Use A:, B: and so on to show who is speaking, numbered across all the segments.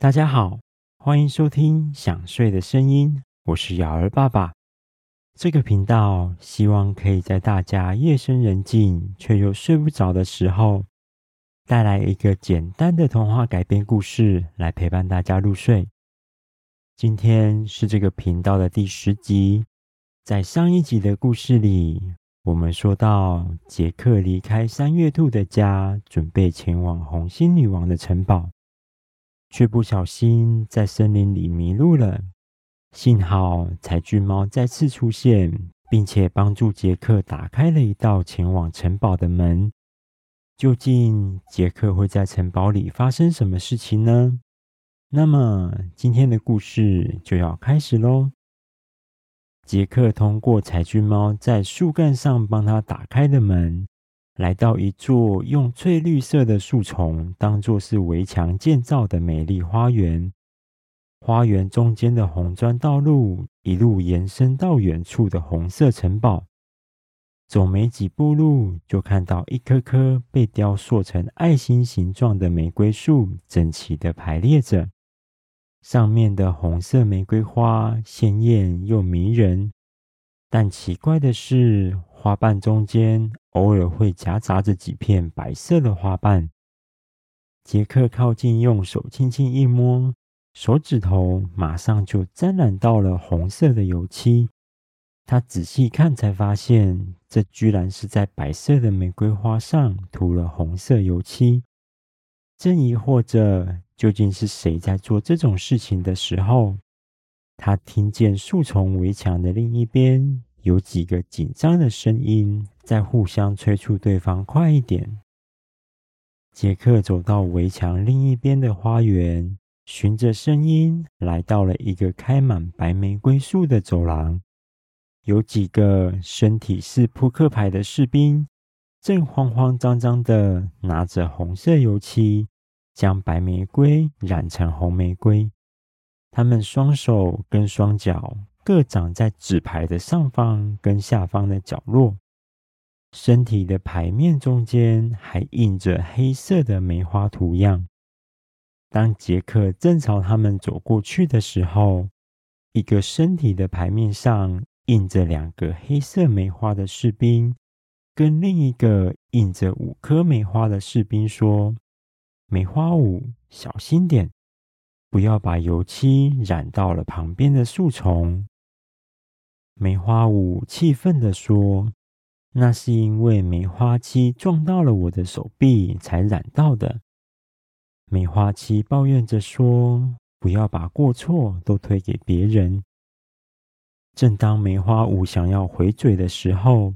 A: 大家好，歡迎收聽《想睡的聲音》，我是堯兒爸爸。這個頻道希望可以在大家夜深人靜卻又睡不着的時候，帶來一個簡單的童話改編故事來陪伴大家入睡。今天是這個頻道的第十集，在上一集的故事裡，我們說到傑克離開三月兔的家，準備前往紅心女王的城堡。卻不小心在森林裡迷路了。幸好柴郡貓再次出現，並且幫助傑克打開了一道前往城堡的門。究竟傑克會在城堡裡發生什麼事情呢？那麼今天的故事就要開始嘍。傑克通過柴郡貓在樹幹上幫他打開的門，來到一座用翠綠色的樹叢當作是圍牆建造的美麗花園，花園中間的紅磚道路一路延伸到遠處的紅色城堡。走沒幾步路，就看到一棵棵被雕塑成愛心形狀的玫瑰樹整齊的排列着，上面的紅色玫瑰花鮮豔又迷人，但奇怪的是，花瓣中間，偶爾會夾雜着幾片白色的花瓣。傑克靠近，用手輕輕一摸，手指頭馬上就沾染到了紅色的油漆。他仔細看，才發現這居然是在白色的玫瑰花上塗了紅色油漆。正疑惑着究竟是誰在做這種事情的時候，他聽見樹叢圍牆的另一邊有幾個緊張的聲音。在互相催促對方快一點。傑克走到圍牆另一邊的花園，循着聲音來到了一個開滿白玫瑰樹的走廊。有幾個身體是撲克牌的士兵，正慌慌張張地拿着紅色油漆，將白玫瑰染成紅玫瑰。他們雙手跟雙腳各長在紙牌的上方跟下方的角落。身體的牌面中間還印着黑色的梅花圖樣。當傑克正朝他們走過去的時候，一個身體的牌面上印着兩個黑色梅花的士兵，跟另一個印着五顆梅花的士兵說：“梅花五，小心點，不要把油漆染到了旁邊的樹叢。”梅花五氣憤地說。那是因為梅花七撞到了我的手臂才染到的。梅花七抱怨着說：“不要把過錯都推給別人。”正當梅花五想要回嘴的時候，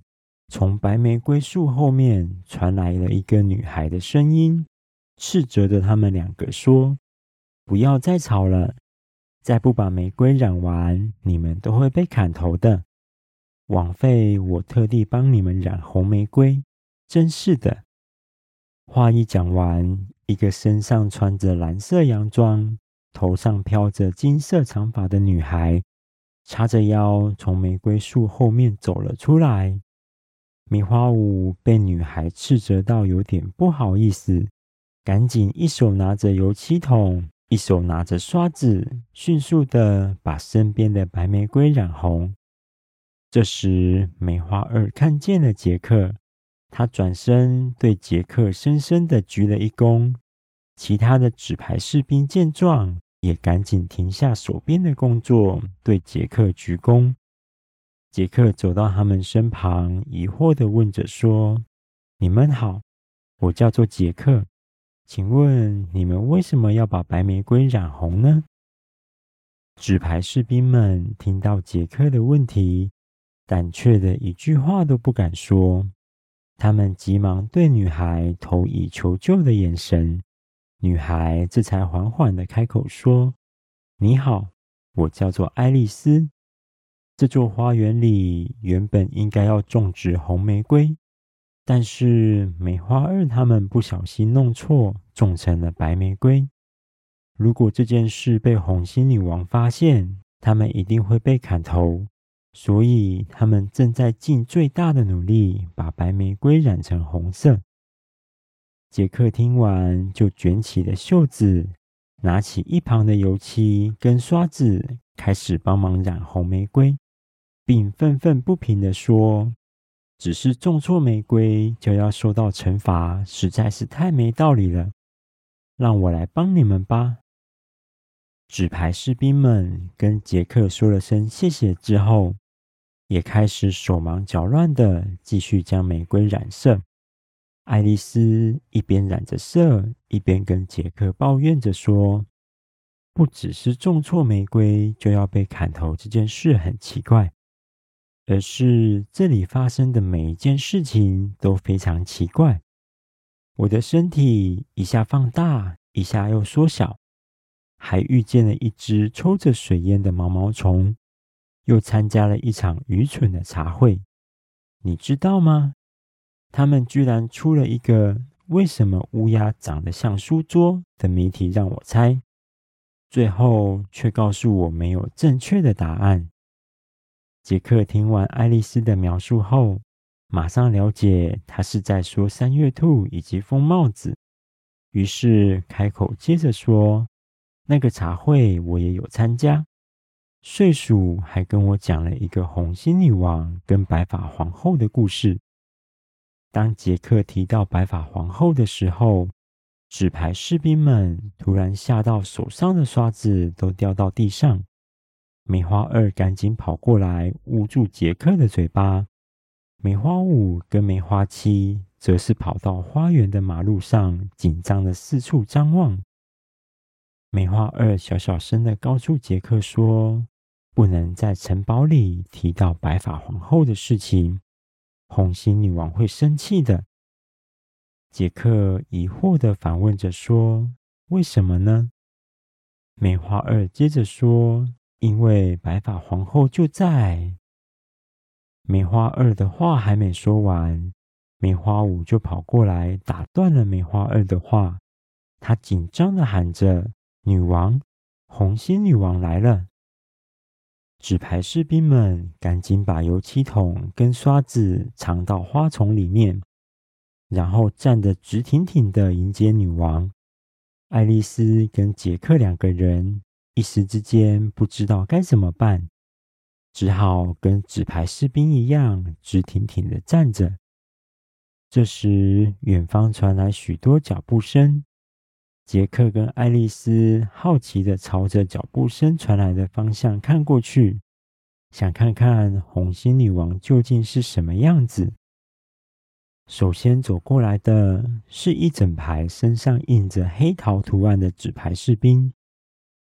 A: 從白玫瑰樹後面傳來了一個女孩的聲音，斥責着他們兩個說：“不要再吵了！再不把玫瑰染完，你們都會被砍頭的。”枉費我特地幫你們染紅玫瑰，真是的！話一講完，一個身上穿着藍色洋裝、頭上飄着金色長髮的女孩，叉着腰從玫瑰樹後面走了出來。米花舞被女孩斥責到有點不好意思，趕緊一手拿着油漆桶，一手拿着刷子，迅速的把身邊的白玫瑰染紅。這時，梅花二看見了傑克，他轉身對傑克深深地鞠了一躬。其他的紙牌士兵見狀，也趕緊停下手邊的工作，對傑克鞠躬。傑克走到他們身旁，疑惑地問着說：“你們好，我叫做傑克，請問你們為什麼要把白玫瑰染紅呢？”紙牌士兵們聽到傑克的問題。膽怯的一句話都不敢說，他們急忙對女孩投以求救的眼神。女孩這才緩緩地開口說：“你好，我叫做愛麗絲。這座花園裡原本應該要種植紅玫瑰，但是梅花二他們不小心弄錯，種成了白玫瑰。如果這件事被紅心女王發現，他們一定會被砍頭。”所以他們正在盡最大的努力把白玫瑰染成紅色。傑克聽完，就捲起了袖子，拿起一旁的油漆跟刷子，開始幫忙染紅玫瑰，並憤憤不平地說：“只是種錯玫瑰就要受到懲罰，實在是太沒道理了。讓我來幫你們吧。”紙牌士兵們跟傑克說了聲謝謝之後，也開始手忙腳亂地繼續將玫瑰染色。愛麗絲一邊染着色，一邊跟傑克抱怨着說：“不只是種錯玫瑰就要被砍頭這件事很奇怪，而是這裡發生的每一件事情都非常奇怪。我的身體一下放大，一下又縮小，還遇見了一隻抽着水煙的毛毛蟲。”又參加了一場愚蠢的茶會，你知道嗎？他們居然出了一個“為什麼烏鴉長得像書桌”的謎題讓我猜，最後卻告訴我沒有正確的答案。傑克聽完愛麗絲的描述後，馬上了解她是在說三月兔以及瘋帽子，於是開口接着說：“那個茶會我也有參加。”睡鼠還跟我講了一個紅心女王跟白髮皇後的故事。當傑克提到白髮皇後的時候，紙牌士兵們突然嚇到，手上的刷子都掉到地上。梅花二趕緊跑過來捂住傑克的嘴巴，梅花五跟梅花七則是跑到花園的馬路上，緊張的四處張望。梅花二小小聲的告訴傑克說，不能在城堡裡提到白髮皇後的事情，紅心女王會生氣的。傑克疑惑的反問着說：“為什麼呢？”梅花二接着說：“因為白髮皇後就在。”梅花二的話還沒說完，梅花五就跑過來打斷了梅花二的話，他緊張的喊着：“女王，紅心女王來了！”紙牌士兵們趕緊把油漆桶跟刷子藏到花叢裡面，然後站得直挺挺的迎接女王。愛麗絲跟傑克兩個人一時之間不知道該怎麼辦，只好跟紙牌士兵一樣直挺挺的站着。這時，遠方傳來許多腳步聲。傑克跟愛麗絲好奇的朝着腳步聲傳來的方向看過去，想看看紅心女王究竟是什麼樣子。首先走過來的是一整排身上印着黑桃圖案的紙牌士兵，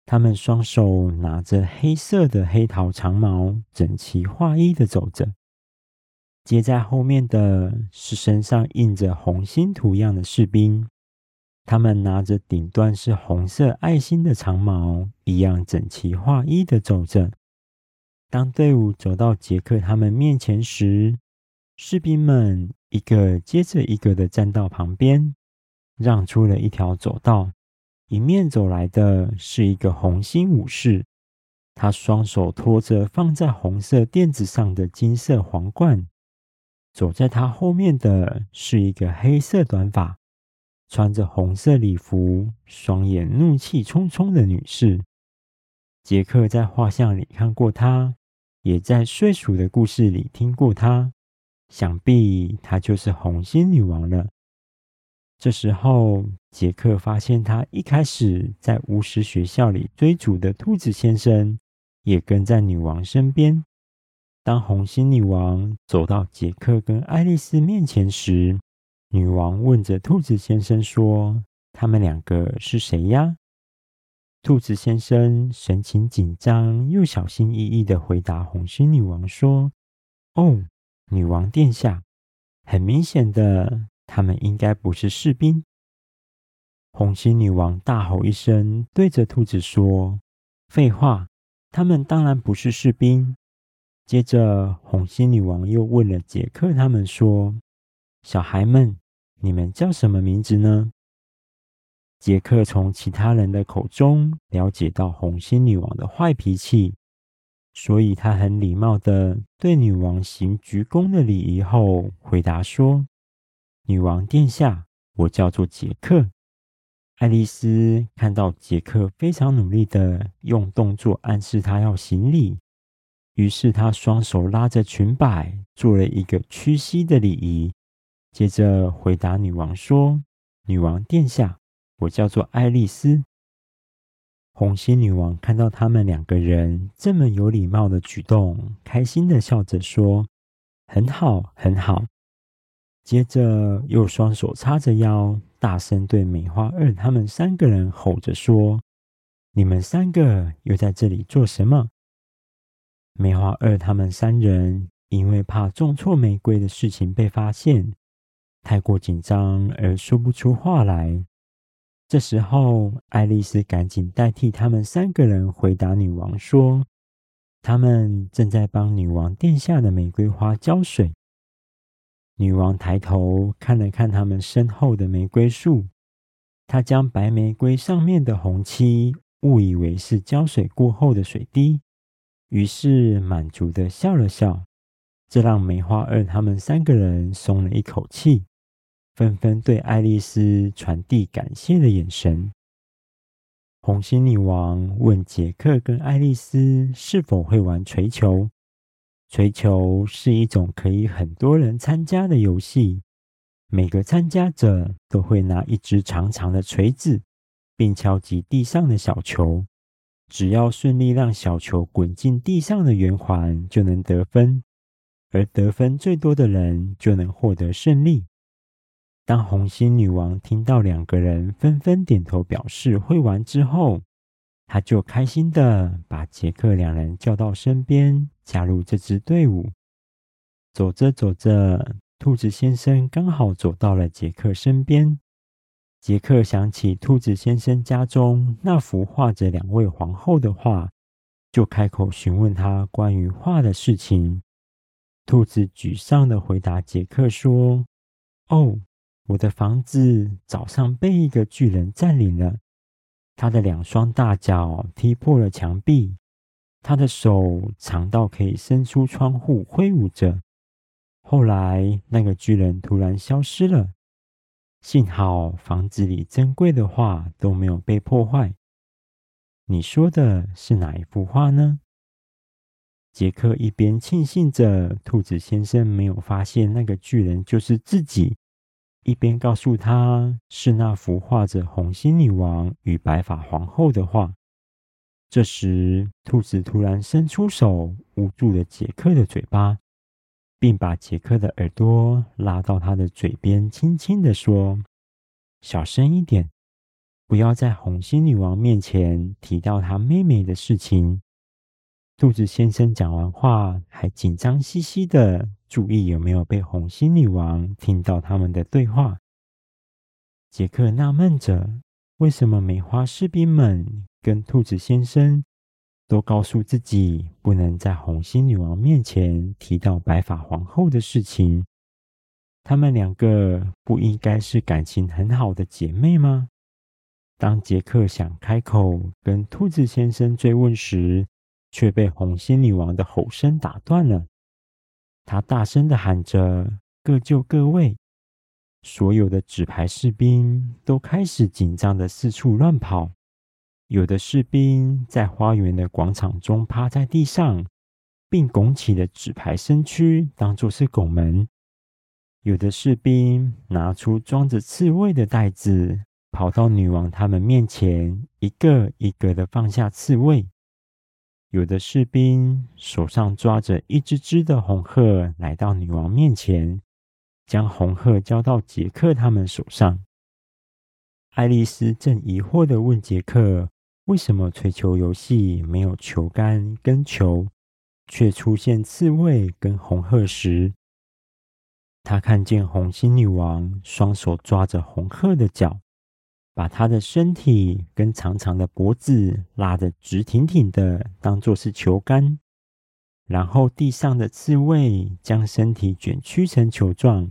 A: 他們雙手拿着黑色的黑桃長矛，整齊劃一的走着。接在後面的，是身上印着紅心圖樣的士兵。他們拿着頂端是紅色愛心的長矛，一樣整齊劃一的走着。當隊伍走到杰克他們面前時，士兵們一個接着一個的站到旁邊，讓出了一條走道。迎面走來的是一個紅心武士，他雙手托着放在紅色墊子上的金色皇冠。走在他後面的是一個黑色短髮。穿着紅色禮服、雙眼怒氣沖沖的女士，傑克在畫像裡看過她，也在睡鼠的故事裡聽過她。想必她就是紅心女王了。這時候，傑克發現他一開始在巫師學校裡追逐的兔子先生，也跟在女王身邊。當紅心女王走到傑克跟愛麗絲面前時，女王問着兔子先生說：“他們兩個是誰呀？”兔子先生神情緊張又小心翼翼的回答紅心女王說：“哦，女王殿下，很明顯的，他們應該不是士兵。”紅心女王大吼一聲，對着兔子說：“廢話，他們當然不是士兵。”接着，紅心女王又問了傑克他們說：“小孩們。”你們叫什麼名字呢？傑克從其他人的口中了解到紅心女王的壞脾氣，所以他很禮貌地對女王行鞠躬的禮儀後，回答說：“女王殿下，我叫做傑克。”愛麗絲看到傑克非常努力地用動作暗示他要行禮，於是她雙手拉着裙擺，做了一個屈膝的禮儀。接着回答女王說：“女王殿下，我叫做愛麗絲。”紅心女王看到他們兩個人這麼有禮貌的舉動，開心的笑着說：“很好，很好。”接着又雙手叉着腰，大聲對梅花二他們三個人吼着說：“你們三個又在這裡做什麼？”梅花二他們三人因為怕種錯玫瑰的事情被發現。太過緊張而說不出話來。這時候，愛麗絲趕緊代替他們三個人回答女王說：“他們正在幫女王殿下的玫瑰花澆水。”女王抬頭看了看他們身後的玫瑰樹，她將白玫瑰上面的紅漆誤以為是澆水過後的水滴，於是滿足的笑了笑。這讓梅花二他們三個人鬆了一口氣。紛紛對愛麗絲傳遞感謝的眼神。紅心女王問杰克跟愛麗絲是否會玩槌球。槌球是一種可以很多人參加的遊戲。每個參加者都會拿一支長長的槌子，並敲擊地上的小球。只要順利讓小球滾進地上的圓環，就能得分。而得分最多的人就能獲得勝利。當紅心女王聽到兩個人紛紛點頭表示會玩之後，她就開心地把傑克兩人叫到身邊，加入這支隊伍。走着走着，兔子先生剛好走到了傑克身邊。傑克想起兔子先生家中那幅畫着兩位皇後的畫，就開口詢問他關於畫的事情。兔子沮喪地回答傑克說：“哦。”我的房子早上被一個巨人佔領了，他的兩雙大腳踢破了牆壁，他的手長到可以伸出窗戶揮舞着。後來那個巨人突然消失了，幸好房子裡珍貴的畫都沒有被破壞。你說的是哪一幅畫呢？傑克一邊慶幸着兔子先生沒有發現那個巨人就是自己。一邊告訴他是那幅畫着紅心女王與白髮皇後的畫，這時兔子突然伸出手捂住了傑克的嘴巴，並把傑克的耳朵拉到他的嘴邊，輕輕的說：“小聲一點，不要在紅心女王面前提到她妹妹的事情。”兔子先生講完話，還緊張兮兮的，注意有沒有被紅心女王聽到他們的對話。傑克納悶着，為什麼梅花士兵們跟兔子先生都告訴自己，不能在紅心女王面前提到白髮皇後的事情？他們兩個不應該是感情很好的姐妹嗎？當傑克想開口跟兔子先生追問時，卻被紅心女王的吼聲打斷了。她大聲地喊着：“各就各位！”所有的紙牌士兵都開始緊張地四處亂跑。有的士兵在花園的廣場中趴在地上，並拱起了紙牌身軀當做是拱門。有的士兵拿出裝着刺蝟的袋子，跑到女王他們面前，一個一個地放下刺蝟。有的士兵手上抓着一隻隻的紅鶴，來到女王面前，將紅鶴交到杰克他們手上。愛麗絲正疑惑地問杰克：“為什麼槌球遊戲沒有球桿跟球，卻出現刺蝟跟紅鶴時？”他看見紅心女王雙手抓着紅鶴的腳。把他的身體跟長長的脖子拉得直挺挺的，當做是球桿，然後地上的刺蝟將身體捲曲成球狀。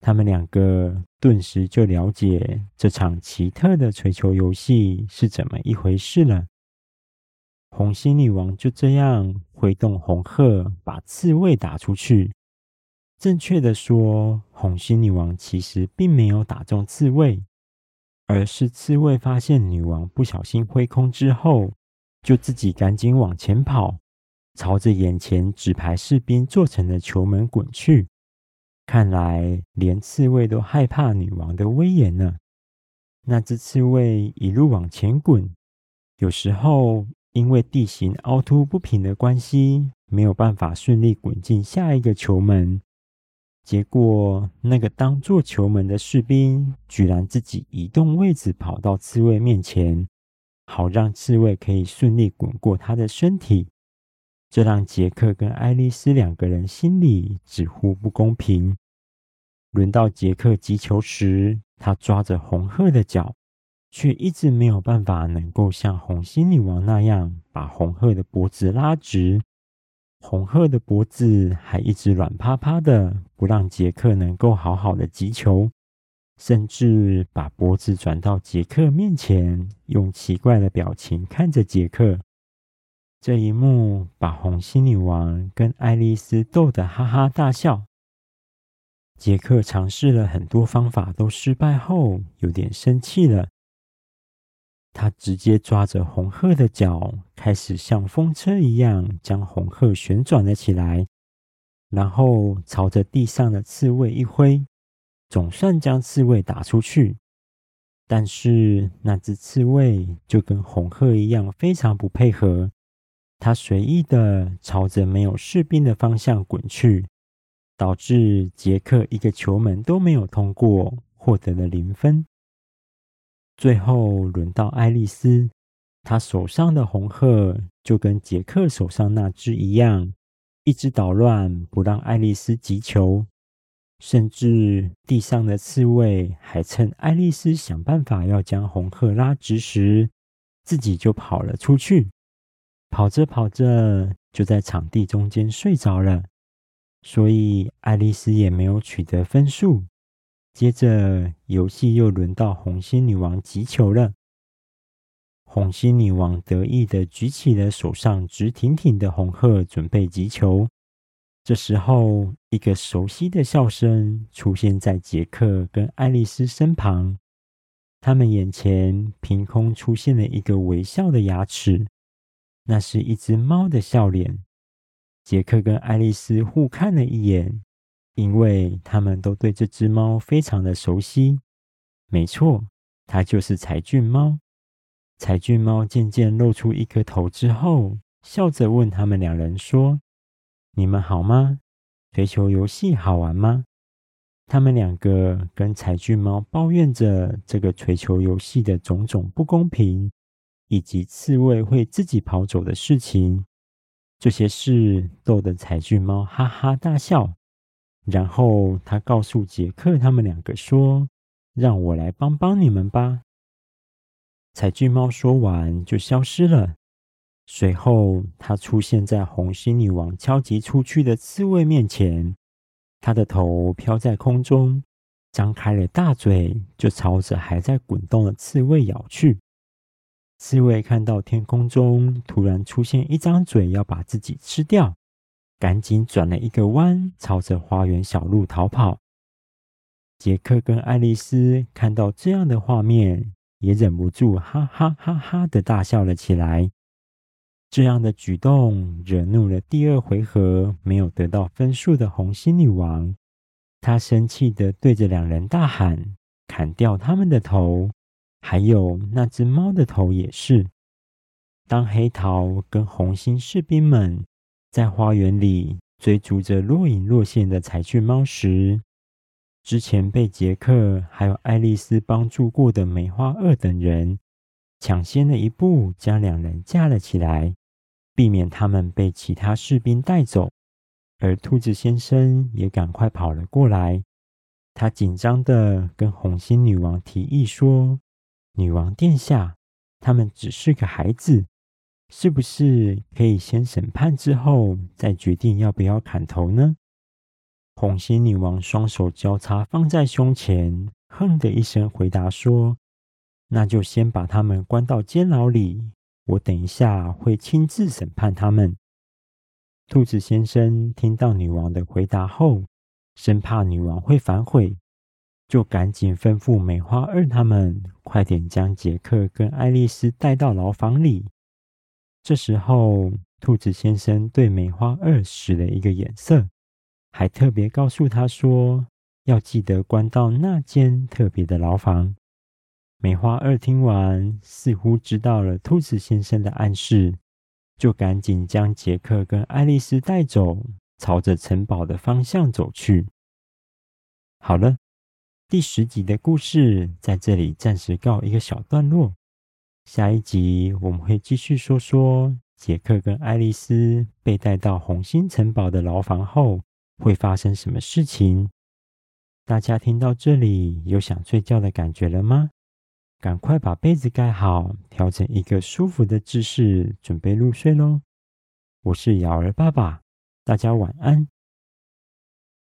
A: 他們兩個頓時就了解這場奇特的槌球遊戲是怎麼一回事了。紅心女王就這樣揮動紅鶴，把刺蝟打出去。正確的說，紅心女王其實並沒有打中刺蝟。而是刺蝟发現女王不小心揮空之後，就自己趕緊往前跑，朝着眼前紙牌士兵做成的球門滾去。看來連刺蝟都害怕女王的威嚴呢。那只刺蝟一路往前滾，有時候因為地形凹凸不平的關係，沒有辦法順利滾進下一個球門。結果，那個當做球門的士兵居然自己移動位置，跑到刺蝟面前，好讓刺蝟可以順利滾過他的身體。這讓傑克跟愛麗絲兩個人心裡直呼不公平。輪到傑克擊球時，他抓着紅鶴的腳，卻一直沒有辦法能夠像紅心女王那樣把紅鶴的脖子拉直。紅鶴的脖子還一直軟趴趴的，不讓傑克能夠好好的擊球，甚至把脖子轉到傑克面前，用奇怪的表情看着傑克。這一幕把紅心女王跟愛麗絲逗得哈哈大笑。傑克嘗試了很多方法都失敗後，有點生氣了。他直接抓着紅鶴的腳，開始像風車一樣將紅鶴旋轉了起來，然後朝着地上的刺蝟一揮，總算將刺蝟打出去。但是那只刺蝟就跟紅鶴一樣非常不配合，它隨意的朝着沒有士兵的方向滾去，導致傑克一個球門都沒有通過，獲得了零分。最後輪到愛麗絲，她手上的紅鶴就跟傑克手上那隻一樣，一直搗亂，不讓愛麗絲擊球。甚至地上的刺蝟還趁愛麗絲想辦法要將紅鶴拉直時，自己就跑了出去。跑着跑着，就在場地中間睡着了，所以愛麗絲也沒有取得分數。接着，遊戲又輪到紅心女王擊球了。紅心女王得意地舉起了手上直挺挺的紅鶴，準備擊球。這時候，一個熟悉的笑聲出現在傑克跟愛麗絲身旁。他們眼前憑空出現了一個微笑的牙齒，那是一隻貓的笑臉。傑克跟愛麗絲互看了一眼。因為他們都對這隻貓非常的熟悉，沒錯，它就是柴郡貓。柴郡貓漸漸露出一顆頭之後，笑着問他們兩人說：“你們好嗎？槌球遊戲好玩嗎？”他們兩個跟柴郡貓抱怨着這個槌球遊戲的種種不公平，以及刺蝟會自己跑走的事情。這些事逗得柴郡貓哈哈大笑。然後他告訴傑克他們兩個說：“讓我來幫幫你們吧。”柴郡貓說完就消失了。隨後，他出現在紅心女王敲擊出去的刺蝟面前，他的頭飄在空中，張開了大嘴，就朝着還在滾動的刺蝟咬去。刺蝟看到天空中突然出現一張嘴，要把自己吃掉。趕緊轉了一個彎，朝着花園小路逃跑。傑克跟愛麗絲看到這樣的畫面，也忍不住哈哈哈哈的大笑了起來。這樣的舉動惹怒了第二回合沒有得到分數的紅心女王，她生氣的對着兩人大喊：“砍掉他們的頭，還有那隻貓的頭也是。”當黑桃跟紅心士兵們，在花園裡追逐着若隱若現的柴郡貓時，之前被傑克還有愛麗絲幫助過的梅花二等人，搶先了一步將兩人架了起來，避免他們被其他士兵帶走。而兔子先生也趕快跑了過來，他緊張的跟紅心女王提議說：“女王殿下，他們只是個孩子。”是不是可以先審判之後再決定要不要砍頭呢？紅心女王雙手交叉放在胸前，哼的一聲回答說：“那就先把他們關到監牢裡，我等一下會親自審判他們。”兔子先生聽到女王的回答後，生怕女王會反悔，就趕緊吩咐梅花二他們快點將傑克跟愛麗絲帶到牢房裡。這時候，兔子先生對梅花二使了一個眼色，還特別告訴他說：“要記得關到那間特別的牢房。”梅花二聽完，似乎知道了兔子先生的暗示，就趕緊將傑克跟愛麗絲帶走，朝着城堡的方向走去。好了，第十集的故事在這裡暫時告一個小段落。下一集我們會繼續說說傑克跟愛麗絲被帶到紅心城堡的牢房後會發生什麼事情。大家聽到這裡有想睡覺的感覺了嗎？趕快把被子蓋好，調整一個舒服的姿勢，準備入睡嘍。我是堯兒爸爸，大家晚安。